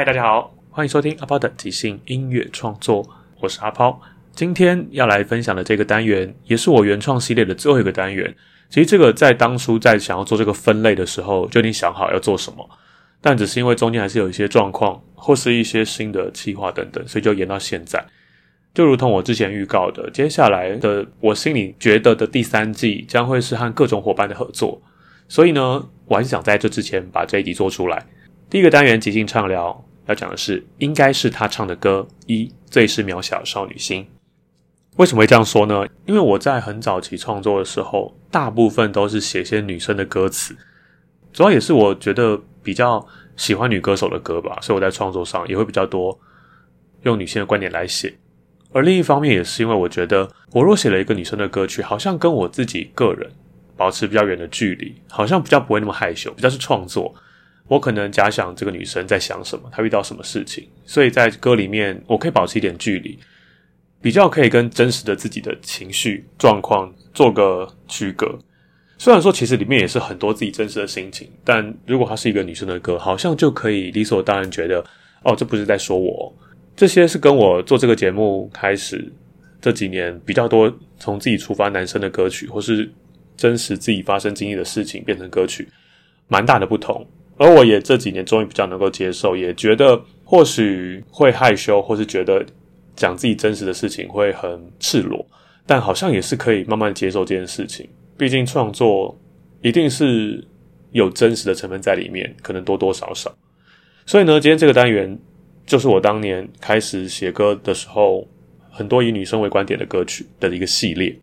嗨，大家好，歡迎收聽阿拋的即興音樂創作，我是阿拋。今天要來分享的這個單元，也是我原創系列的最後一個單元。其實這個在當初在想要做這個分類的時候，就已經想好要做什麼，但只是因為中間還是有一些狀況，或是一些新的計劃等等，所以就延到現在。就如同我之前預告的，接下來的我心裡覺得的第三季將會是和各種夥伴的合作，所以呢，我很想在這之前把這一集做出來。第一個單元即興唱聊。要講的是，應該是她唱的歌一最是渺小少女心。為什麼會這樣說呢？因為我在很早期創作的時候，大部分都是寫些女生的歌詞，主要也是我覺得比較喜歡女歌手的歌吧，所以我在創作上也會比較多用女性的觀點來寫。而另一方面，也是因為我覺得，我若寫了一個女生的歌曲，好像跟我自己個人保持比較遠的距離，好像比較不會那麼害羞，比較是創作。我可能假想這個女生在想什麼，她遇到什麼事情，所以在歌裡面我可以保持一點距離，比較可以跟真實的自己的情緒狀況做個區隔。雖然說其實裡面也是很多自己真實的心情，但如果她是一個女生的歌，好像就可以理所當然覺得，哦，這不是在說我。這些是跟我做這個節目開始這幾年比較多從自己出發男生的歌曲，或是真實自己發生經歷的事情變成歌曲，蠻大的不同。而我也這幾年終於比較能夠接受，也覺得或許會害羞，或是覺得講自己真實的事情會很赤裸，但好像也是可以慢慢接受這件事情。畢竟創作一定是有真實的成分在裡面，可能多多少少。所以呢，今天這個單元就是我當年開始寫歌的時候，很多以女生為觀點的歌曲的一個系列。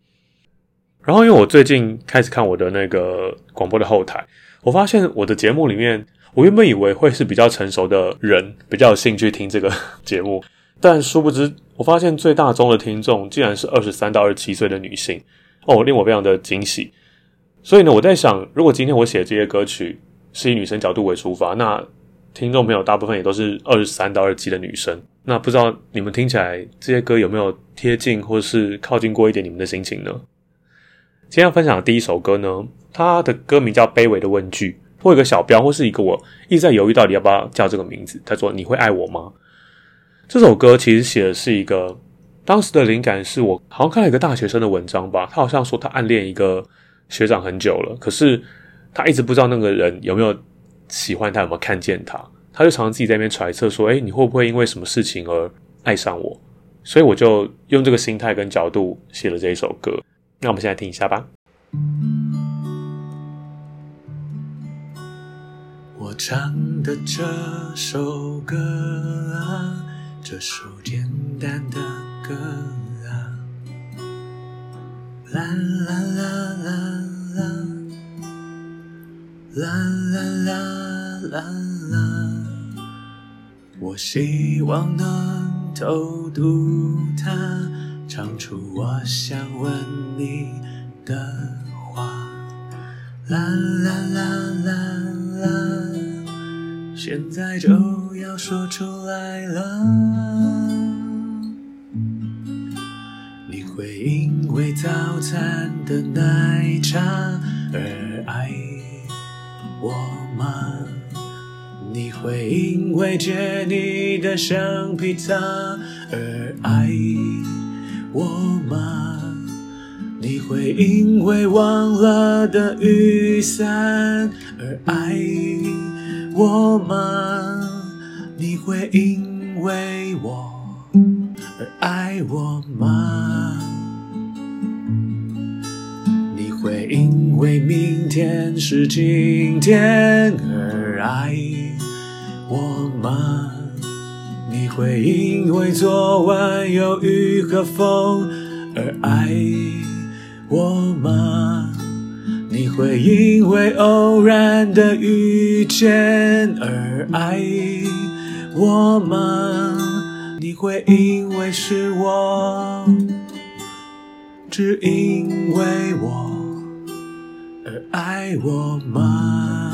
然後，因為我最近開始看我的那個廣播的後台。我發現我的節目裡面，我原本以為會是比較成熟的人比較有興趣聽這個節目，但殊不知，我發現最大宗的聽眾竟然是二十三到二十七歲的女性，哦，令我非常的驚喜。所以呢，我在想，如果今天我寫這些歌曲是以女生角度為出發，那聽眾朋友大部分也都是二十三到二十七的女生。那不知道你們聽起來這些歌有沒有貼近或是靠近過一點你們的心情呢？今天要分享的第一首歌呢，它的歌名叫《卑微的問句》，或一個小標，或是一個我一直在猶豫到底要不要叫這個名字。他說：“你會愛我嗎？”這首歌其實寫的是一個當時的靈感是，是我好像看了一個大學生的文章吧，他好像說他暗戀一個學長很久了，可是他一直不知道那個人有沒有喜歡他，他有沒有看見他，他就常常自己在那邊揣測說：“哎、欸，你會不會因為什麼事情而愛上我？”所以我就用這個心態跟角度寫了這一首歌。那我們現在聽一下吧。我唱的這首歌啊，這首簡單的歌啊，啦啦啦啦啦，啦啦啦啦啦，我希望能偷渡它。唱出我想問你的話，啦啦啦啦啦，現在就要說出來啦。你會因為早餐的奶茶而愛我嗎？你會因為借你的橡皮擦而愛我嗎？你會因為忘了的雨傘而愛我嗎？你會因為我而愛我嗎？你會因為明天是晴天而愛我嗎？會因為昨晚有雨和風而愛我嗎？你會因為偶然的遇見而愛我嗎？你會因為是我，只因為我而愛我嗎？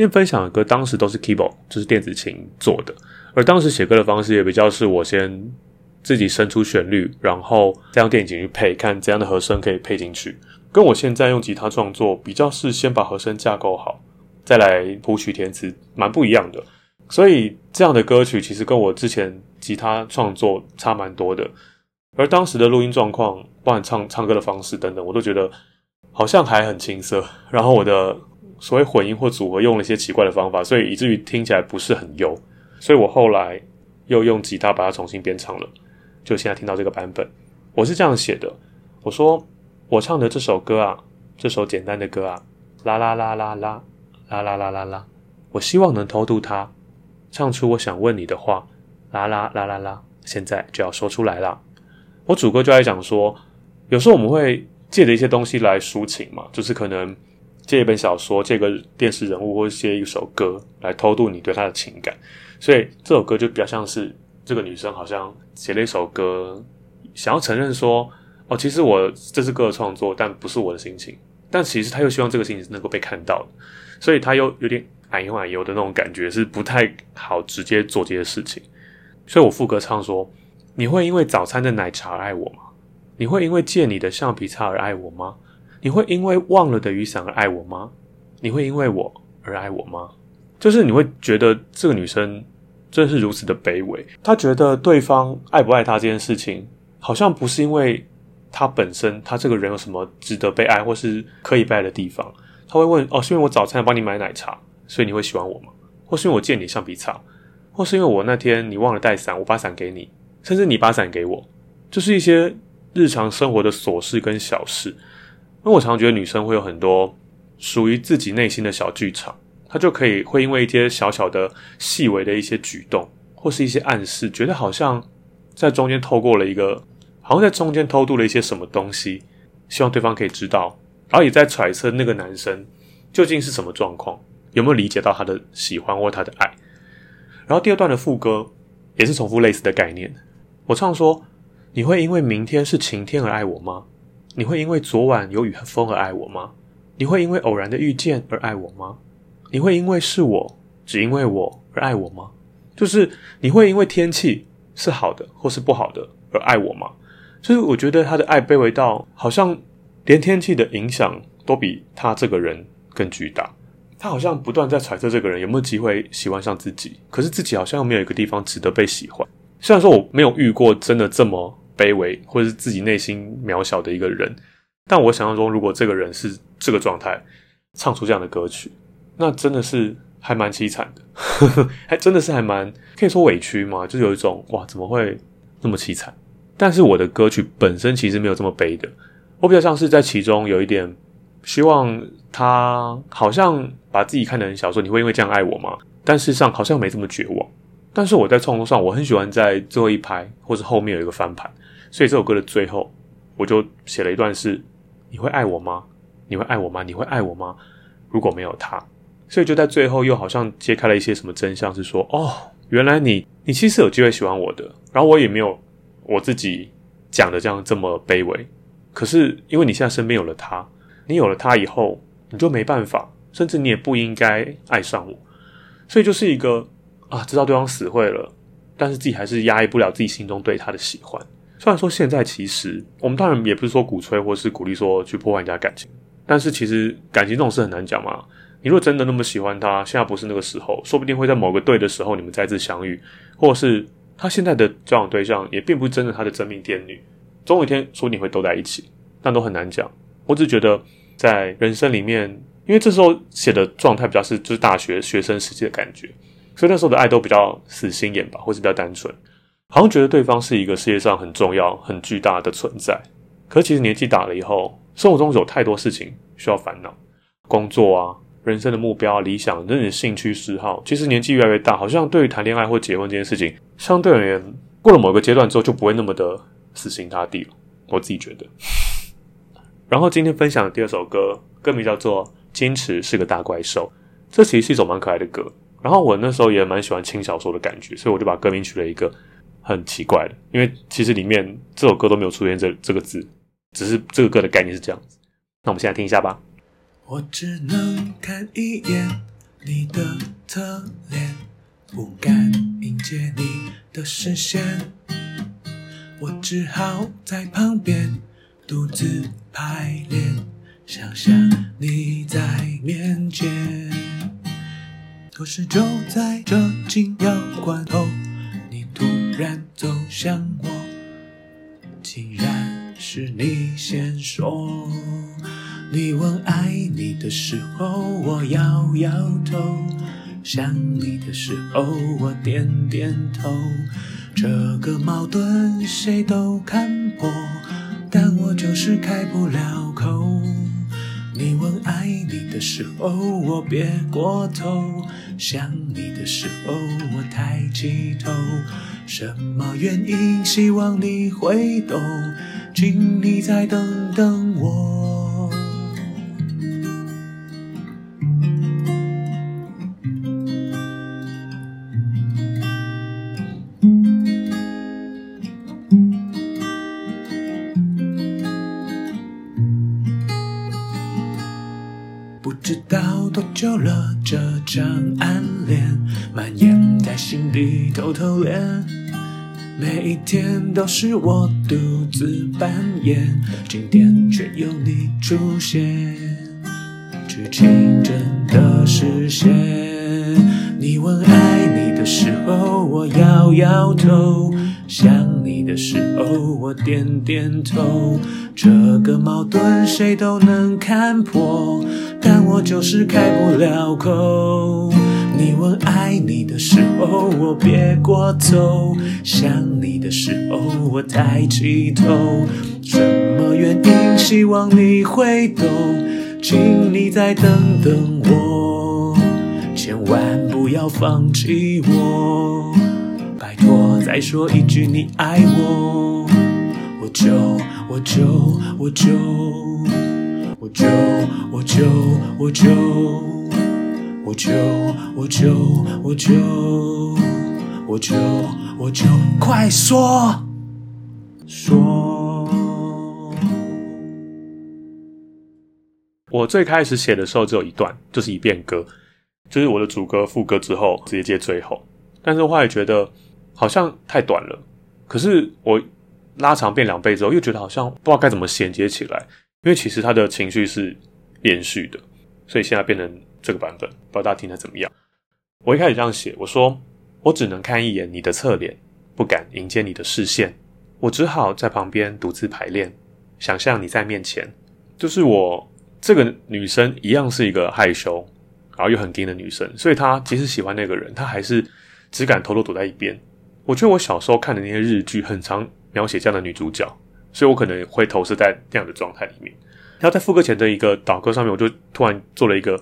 今天分享的歌當時都是 keyboard，就是電子琴做的，而當時寫歌的方式也比較是我先自己生出旋律，然後再用電子琴去配，看怎樣的和聲可以配進去，跟我現在用吉他創作比較是先把和聲架構好，再來譜曲填詞，蠻不一樣的。所以這樣的歌曲其實跟我之前吉他創作差蠻多的，而當時的錄音狀況，包含唱唱歌的方式等等，我都覺得好像還很青澀。然後我的。所謂混音或組合用了一些奇怪的方法，所以以至於聽起來不是很優。所以我後來又用吉他把它重新編唱了，就現在聽到這個版本。我是這樣寫的：我說我唱的這首歌啊，這首簡單的歌啊，啦啦啦啦啦，啦啦啦啦啦，我希望能偷渡它，唱出我想問你的話，啦啦啦啦啦，現在就要說出來啦。我主歌就在講說，有時候我們會借着一些東西來抒情嘛，就是可能。借一本小說，借個電視人物，或者寫一首歌來偷渡你對他的情感，所以這首歌就比較像是這個女生好像寫了一首歌，想要承認說，哦，其實我這是歌的創作，但不是我的心情，但其實她又希望這個心情能夠被看到，所以她又有點哎呦哎呦的那種感覺，是不太好直接做這些事情，所以我副歌唱說，你會因為早餐的奶茶愛我嗎？你會因為借你的橡皮擦而愛我嗎？你會因為忘了的雨傘而愛我嗎？你會因為我而愛我嗎？就是你會覺得這個女生真是如此的卑微。她覺得對方愛不愛她這件事情，好像不是因為她本身，她這個人有什麼值得被愛或是可以被愛的地方。她會問：“哦，是因為我早餐幫你買奶茶，所以你會喜歡我嗎？”或是因為我借你橡皮擦，或是因為我那天你忘了帶傘，我把傘給你，甚至你把傘給我，就是一些日常生活的瑣事跟小事。因為我常常覺得女生會有很多屬於自己內心的小劇場，她就可以會因為一些小小的、細微的一些舉動，或是一些暗示，覺得好像在中間透過了一個，好像在中間偷渡了一些什麼東西，希望對方可以知道，然後也在揣測那個男生究竟是什麼狀況，有沒有理解到她的喜歡或她的愛。然後第二段的副歌也是重複類似的概念，我唱說：“你會因為明天是晴天而愛我嗎？”你會因為昨晚有雨和風而愛我嗎？你會因為偶然的遇見而愛我嗎？你會因為是我，只因為我而愛我嗎？就是你會因為天氣是好的或是不好的而愛我嗎？就是我覺得他的愛卑微到好像連天氣的影響都比他這個人更巨大。他好像不斷在揣測這個人有沒有機會喜歡上自己，可是自己好像又沒有一個地方值得被喜歡。雖然說我沒有遇過真的這麼卑微或者是自己內心渺小的一個人，但我想象中，如果這個人是這個狀態，唱出這樣的歌曲，那真的是還蠻淒慘的，呵呵，還真的是還蠻可以說委屈嘛，就是、有一種哇，怎麼會那麼淒慘？但是我的歌曲本身其實沒有這麼悲的，我比較像是在其中有一點希望他好像把自己看得很小說，說你會因為這樣愛我嗎？但事實上好像沒這麼絕望。但是我在創作上，我很喜歡在最後一拍或者後面有一個翻盤。所以這首歌的最後，我就寫了一段是：你會愛我嗎？你會愛我嗎？你會愛我嗎？如果沒有她，所以就在最後又好像揭開了一些什麼真相，是說哦，原來你你其實有機會喜歡我的，然後我也沒有我自己講的這樣這麼卑微。可是因為你現在身邊有了他，你有了他以後，你就沒辦法，甚至你也不應該愛上我。所以就是一個啊，知道對方死會了，但是自己還是壓抑不了自己心中對他的喜歡。雖然說現在其實我們當然也不是說鼓吹或是鼓勵說去破壞人家感情，但是其實感情這種事很難講嘛。你如果真的那麼喜歡他，現在不是那個時候，說不定會在某個對的時候你們再次相遇，或者是他現在的交往對象也並不是真的他的真命天女，總有一天說你會都在一起，那都很難講。我只覺得在人生裡面，因為這時候寫的狀態比較是就是大學學生時期的感覺，所以那時候的愛都比較死心眼吧，或是比較單純。好像覺得對方是一個世界上很重要、很巨大的存在。可其實年紀大了以後，生活中有太多事情需要煩惱，工作啊、人生的目標、啊、理想、自己的興趣嗜好。其實年紀越來越大，好像對於談戀愛或結婚這件事情，相對而言過了某個階段之後，就不會那麼的死心塌地了。我自己覺得。然後今天分享的第二首歌，歌名叫做《堅持是個大怪獸》，這其實是一首蠻可愛的歌。然後我那時候也蠻喜歡輕小說的感覺，所以我就把歌名取了一個。很奇怪的，因為其實裡面這首歌都沒有出現這這個字，只是這個歌的概念是這樣子。那我們現在聽一下吧。我只能看一眼你的側臉，不敢迎接你的視線。我只好在旁邊獨自排練，想象你在面前。可是就在這緊要關頭，突然走向我，竟然是你先說。你問愛你的時候，我搖搖頭；想你的時候，我點點頭。這個矛盾誰都看破，但我就是開不了口。你問愛你的時候，我別過頭；想你的時候，我抬起頭。什麼原因？希望你會懂，請你再等等我。了這場暗戀，蔓延在心底偷偷戀。每一天都是我獨自扮演，今天卻有你出現，劇情真的實現。你問愛你的時候，我搖搖頭；想你的時候，我點點頭。這個矛盾誰都能看破。但我就是開不了口。你問愛你的時候，我別過頭；想你的時候，我抬起頭。什麼原因？希望你會懂，請你再等等我，千萬不要放棄我，拜託再說一句你愛我，我就我就我就。我就我就我就我就我就我就我就我就,我就快說說 我最開始寫的時候只有一段，就是一遍歌，就是我的主歌副歌之後直接接最後。但是我後來覺得好像太短了，可是我拉長變兩倍之後又覺得好像不知道該怎麼銜接起來。因為其實他的情緒是連續的，所以現在變成這個版本，不知道大家聽得怎麼樣。我一開始這樣寫，我說，我只能看一眼你的側臉，不敢迎接你的視線，我只好在旁邊獨自排練，想象你在面前。就是我這個女生一樣是一個害羞，然後又很 ㄍㄧㄥ 的女生，所以她即使喜歡那個人，她還是只敢偷偷躲在一邊。我覺得我小時候看的那些日劇，很常描寫這樣的女主角。所以我可能會投射在那樣的狀態裡面，然後在副歌前的一個導歌上面，我就突然做了一個。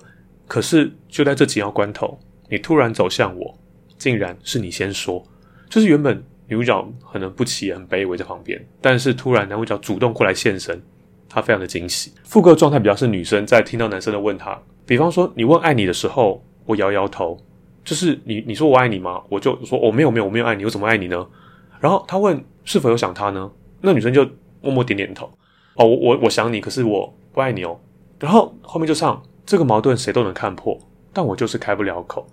可是就在這緊要關頭，你突然走向我，竟然是你先說。就是原本女主角可能不起眼、很卑微在旁邊，但是突然男主角主動過來現身，他非常的驚喜。副歌的狀態比較是女生在聽到男生的問他，比方說，你問愛你的時候，我搖搖頭，就是你你說我愛你嗎？我就說我、哦、沒有沒有，我沒有愛你，我怎麼愛你呢？然後他問是否有想他呢？那女生就默默點點頭，哦，我我我想你，可是我不愛你哦。然後後面就唱這個矛盾誰都能看破，但我就是開不了口。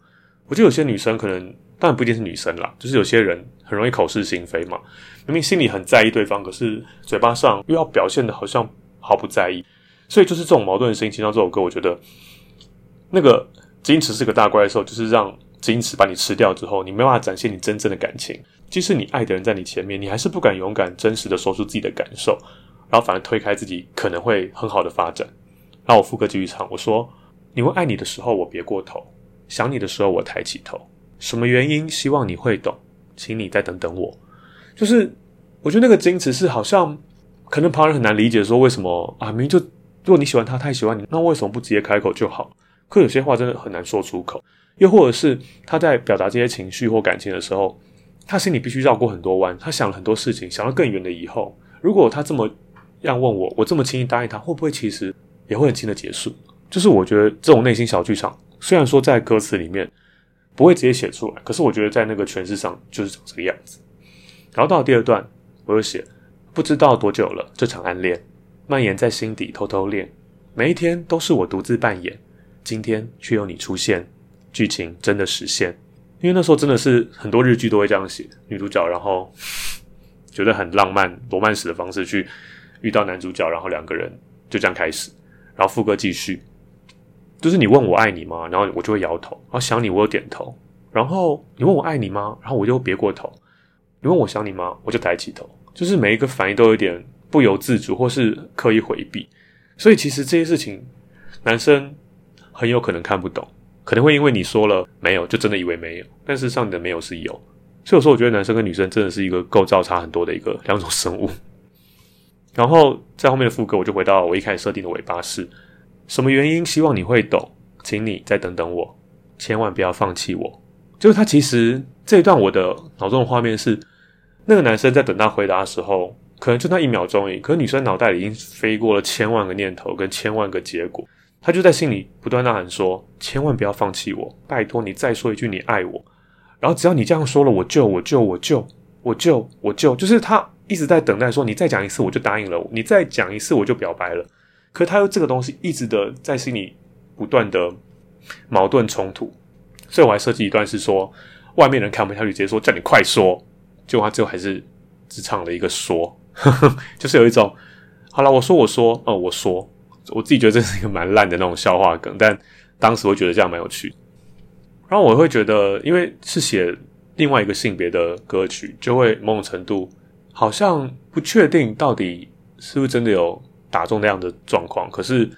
我覺得有些女生可能，當然不一定是女生啦，就是有些人很容易口是心非嘛，明明心裡很在意對方，可是嘴巴上又要表現得好像毫不在意。所以就是這種矛盾的心情，聽到這首歌，我覺得那個矜持是個大怪獸，就是讓矜持把你吃掉之後，你沒辦法展現你真正的感情。即使你愛的人在你前面，你還是不敢勇敢真實的說出自己的感受，然後反而推開自己，可能會很好的發展。然後我副歌繼續唱：“我說，你問愛你的時候，我別過頭；想你的時候，我抬起頭。什麼原因？希望你會懂，請你再等等我。”就是我覺得那個矜持是好像可能旁人很難理解，說為什麼啊？明明就如果你喜歡他他也喜歡你，那為什麼不直接開口就好？可有些話真的很難說出口，又或者是他在表達這些情緒或感情的時候。他心裡必須繞過很多彎，他想了很多事情，想到更遠的以後。如果他這麼樣問我，我這麼輕易答應他，會不會其實也會很輕的結束？就是我覺得這種內心小劇場，雖然說在歌詞裡面不會直接寫出來，可是我覺得在那個詮釋上就是長這個樣子。然後到了第二段，我又寫不知道多久了，這場暗戀蔓延在心底偷偷戀，每一天都是我獨自扮演。今天卻有你出現，劇情真的實現。因為那時候真的是很多日劇都會這樣寫女主角，然後覺得很浪漫羅曼史的方式去遇到男主角，然後兩個人就這樣開始，然後副歌繼續，就是你問我愛你嗎？然後我就會搖頭。然後想你，我有點頭。然後你問我愛你嗎？然後我就別過頭。你問我想你嗎？我就抬起頭。就是每一個反應都有點不由自主，或是刻意回避。所以其實這些事情，男生很有可能看不懂。可能會因為你說了沒有，就真的以為沒有。但事實上你的沒有是有，所以我說，我覺得男生跟女生真的是一個構造差很多的一個兩種生物。然後在後面的副歌，我就回到我一開始設定的尾巴是什麼原因？希望你會懂，請你再等等我，千萬不要放棄我。就是他其實這一段，我的腦中的畫面是那個男生在等他回答的時候，可能就那一秒鐘，可能女生腦袋裡已經飛過了千萬個念頭跟千萬個結果。他就在心裡不斷吶喊說：“千萬不要放棄我！拜託你再說一句你愛我。”然後只要你這樣說了，我就我就我就我就我就我就，就是他一直在等待說，你再講一次我就答應了，你再講一次我就表白了。可他又這個東西一直的在心裡不斷的矛盾衝突，所以我還設計一段是說外面人看不下去，直接說叫你快說，就他最後還是只唱了一個說，呵呵，就是有一種好啦，我說我說哦、呃、我說。我自己覺得這是一個蠻爛的那種笑話梗，但當時我覺得這樣蠻有趣。然後我會覺得，因為是寫另外一個性別的歌曲，就會某種程度好像不確定到底是不是真的有打中那樣的狀況。可是，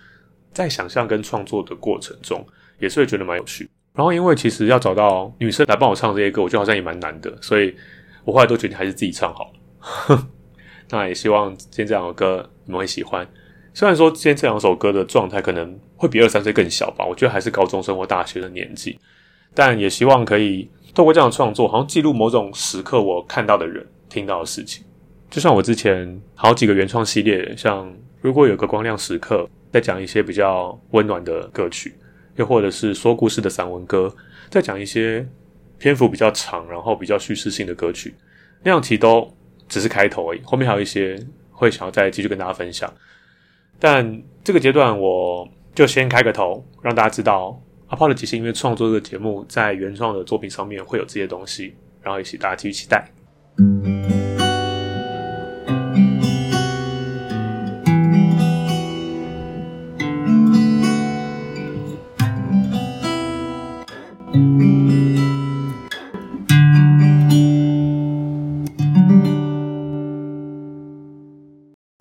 在想象跟創作的過程中，也是會覺得蠻有趣。然後，因為其實要找到女生來幫我唱這些歌，我覺得好像也蠻難的，所以我後來都決定還是自己唱好了呵呵。那也希望今天這兩首歌你們會喜歡。雖然說今天這兩首歌的狀態可能會比二三歲更小吧，我覺得還是高中生或大學的年紀，但也希望可以透過這樣的創作，好像記錄某種時刻，我看到的人聽到的事情。就像我之前好幾個原創系列，像如果有個光亮時刻，在講一些比較溫暖的歌曲，又或者是說故事的散文歌，在講一些篇幅比較長，然後比較敘事性的歌曲，那樣其實都只是開頭而已，後面還有一些會想要再繼續跟大家分享。但這個階段，我就先開個頭，讓大家知道，APOW 的即興因為創作這個節目，在原創的作品上面會有這些東西，然後也請大家繼續期待。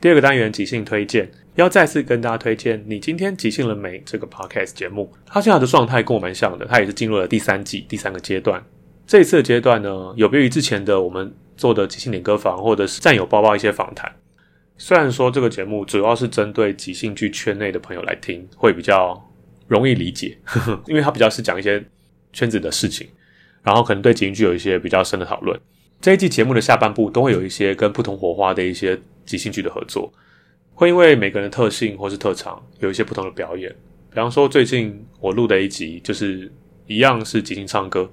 第二個單元即興推薦，要再次跟大家推薦你今天即興了沒？這個 podcast 節目，它現在的狀態跟我蠻像的，它也是進入了第三季第三個階段。這一次的階段呢，有別於之前的我們做的即興點歌房或者是戰友包包一些訪談。雖然說這個節目主要是針對即興劇圈內的朋友來聽，會比較容易理解，呵呵因為它比較是講一些圈子的事情，然後可能對即興劇有一些比較深的討論。這一季節目的下半部都會有一些跟不同夥伴的一些。即興劇的合作，會因為每個人的特性或是特長，有一些不同的表演。比方說，最近我錄的一集，就是一樣是即興唱歌，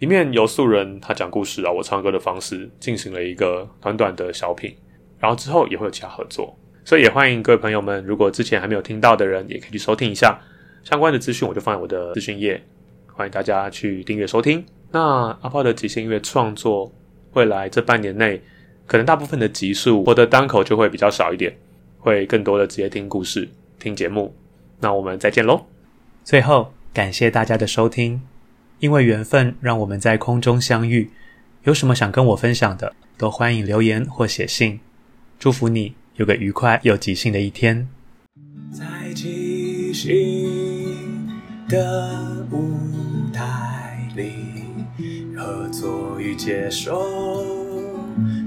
裡面有素人他講故事啊，我唱歌的方式進行了一個短短的小品，然後之後也會有其他合作，所以也歡迎各位朋友們，如果之前還沒有聽到的人，也可以去收聽一下相關的資訊，我就放在我的資訊頁，歡迎大家去訂閱收聽。那 APOW 的即興音樂創作，未來這半年內。可能大部分的集數，我的單口就會比較少一點，會更多的直接聽故事、聽節目。那我們再見嘍！最後感謝大家的收聽，因為緣分讓我們在空中相遇。有什麼想跟我分享的，都歡迎留言或寫信。祝福你有個愉快又即興的一天。在即興的舞台裡，合作與接受，